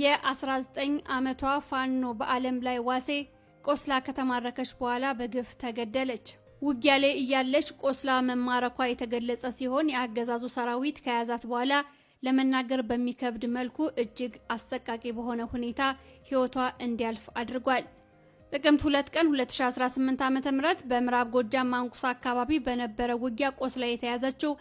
የ19 ዓመቷ ፋኖ በዓለም ላይ ዋሴ ቆስላ ከተማረከች በኋላ በግፍ ተገደለች። ውጊያ ላይ እያለች ቆስላ መማረኳ የተገለጸ ሲሆን የአገዛዙ ሰራዊት ከያዛት በኋላ ለመናገር በሚከብድ መልኩ እጅግ አሰቃቂ በሆነ ሁኔታ ሕይወቷ እንዲያልፍ አድርጓል። ጥቅምት 2 ቀን 2018 ዓ.ም በምዕራብ ጎጃም ማንኩሳ አካባቢ በነበረ ውጊያ ቆስላ የተያዘችው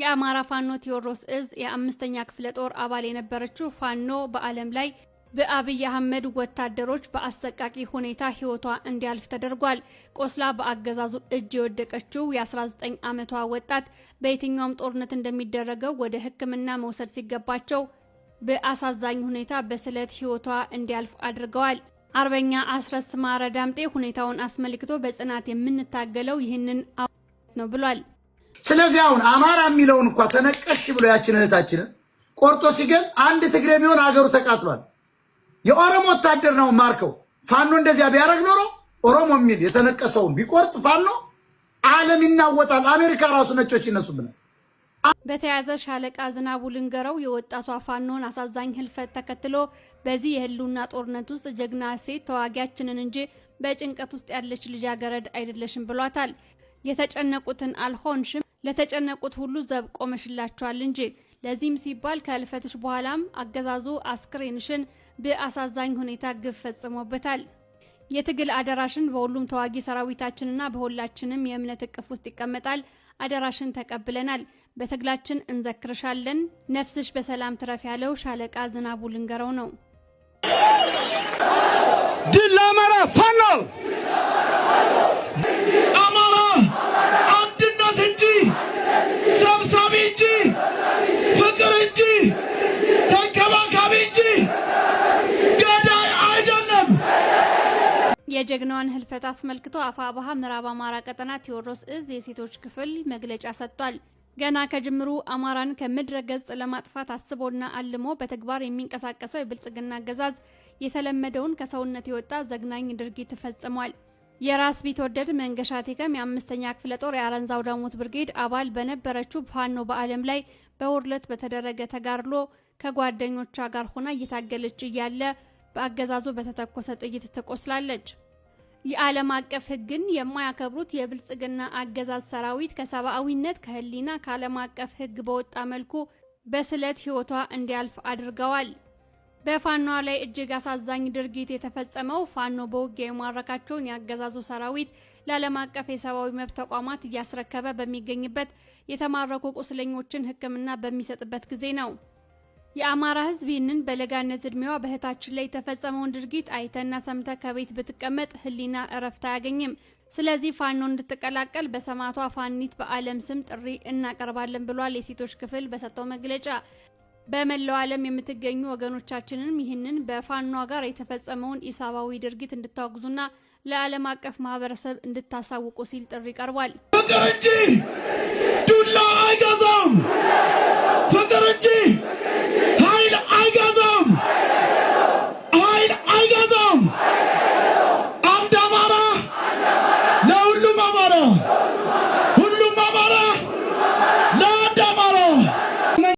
የአማራ ፋኖ ቴዎድሮስ እዝ የአምስተኛ ክፍለ ጦር አባል የነበረችው ፋኖ በዓለም ላይ በአብይ አህመድ ወታደሮች በአሰቃቂ ሁኔታ ሕይወቷ እንዲያልፍ ተደርጓል። ቆስላ በአገዛዙ እጅ የወደቀችው የ19 ዓመቷ ወጣት በየትኛውም ጦርነት እንደሚደረገው ወደ ሕክምና መውሰድ ሲገባቸው በአሳዛኝ ሁኔታ በስለት ሕይወቷ እንዲያልፍ አድርገዋል። አርበኛ አስረስ ማረ ዳምጤ ሁኔታውን አስመልክቶ በጽናት የምንታገለው ይህንን አው ነው ብሏል። ስለዚህ አሁን አማራ የሚለውን እንኳ ተነቀሽ ብሎ ያችን እህታችንን ቆርጦ ሲገል አንድ ትግሬ ቢሆን አገሩ ተቃጥሏል። የኦሮሞ ወታደር ነው ማርከው። ፋኖ እንደዚያ ቢያደርግ ኖሮ ኦሮሞ የሚል የተነቀሰውን ቢቆርጥ ፋኖ ዓለም ይናወጣል። አሜሪካ ራሱ ነጮች ይነሱብናል። በተያዘ ሻለቃ ዝናቡ ልንገረው የወጣቷ ፋኖን አሳዛኝ ህልፈት ተከትሎ በዚህ የህልውና ጦርነት ውስጥ ጀግና ሴት ተዋጊያችንን እንጂ በጭንቀት ውስጥ ያለች ልጃገረድ አይደለሽም ብሏታል። የተጨነቁትን አልሆንሽም ለተጨነቁት ሁሉ ዘብ ቆመሽላቸዋል እንጂ። ለዚህም ሲባል ከህልፈትሽ በኋላም አገዛዙ አስክሬንሽን በአሳዛኝ ሁኔታ ግፍ ፈጽሞበታል። የትግል አደራሽን በሁሉም ተዋጊ ሰራዊታችንና በሁላችንም የእምነት እቅፍ ውስጥ ይቀመጣል። አደራሽን ተቀብለናል። በትግላችን እንዘክርሻለን። ነፍስሽ በሰላም ትረፍ ያለው ሻለቃ ዝናቡ ልንገረው ነው። የጀግናዋን ህልፈት አስመልክቶ አፋብኃ ምዕራብ አማራ ቀጠና ቴዎድሮስ እዝ የሴቶች ክፍል መግለጫ ሰጥቷል። ገና ከጅምሩ አማራን ከምድረ ገጽ ለማጥፋት አስቦና አልሞ በተግባር የሚንቀሳቀሰው የብልጽግና አገዛዝ የተለመደውን ከሰውነት የወጣ ዘግናኝ ድርጊት ፈጽሟል። የራስ ቢትወደድ መንገሻ ቴከም የአምስተኛ ክፍለ ጦር የአረንዛው ዳሞት ብርጌድ አባል በነበረችው ፋኖ በዓለም ላይ በውርለት በተደረገ ተጋድሎ ከጓደኞቿ ጋር ሆና እየታገለች እያለ በአገዛዙ በተተኮሰ ጥይት ትቆስላለች። የዓለም አቀፍ ሕግን የማያከብሩት የብልጽግና አገዛዝ ሰራዊት ከሰብአዊነት ከህሊና ከዓለም አቀፍ ሕግ በወጣ መልኩ በስለት ሕይወቷ እንዲያልፍ አድርገዋል። በፋኗ ላይ እጅግ አሳዛኝ ድርጊት የተፈጸመው ፋኖ በውጊያ የማረካቸውን የአገዛዙ ሰራዊት ለዓለም አቀፍ የሰብአዊ መብት ተቋማት እያስረከበ በሚገኝበት የተማረኩ ቁስለኞችን ሕክምና በሚሰጥበት ጊዜ ነው። የአማራ ህዝብ ይህንን በለጋነት እድሜዋ በእህታችን ላይ የተፈጸመውን ድርጊት አይተና ሰምተ ከቤት ብትቀመጥ ህሊና እረፍት አያገኝም። ስለዚህ ፋኖ እንድትቀላቀል በሰማዕቷ ፋኒት በዓለም ስም ጥሪ እናቀርባለን ብሏል የሴቶች ክፍል በሰጠው መግለጫ። በመላው ዓለም የምትገኙ ወገኖቻችንም ይህንን በፋኗ ጋር የተፈጸመውን ኢሰብአዊ ድርጊት እንድታወግዙና ለዓለም አቀፍ ማህበረሰብ እንድታሳውቁ ሲል ጥሪ ቀርቧል። ፍቅር እንጂ ዱላ አይገዛም። ፍቅር እንጂ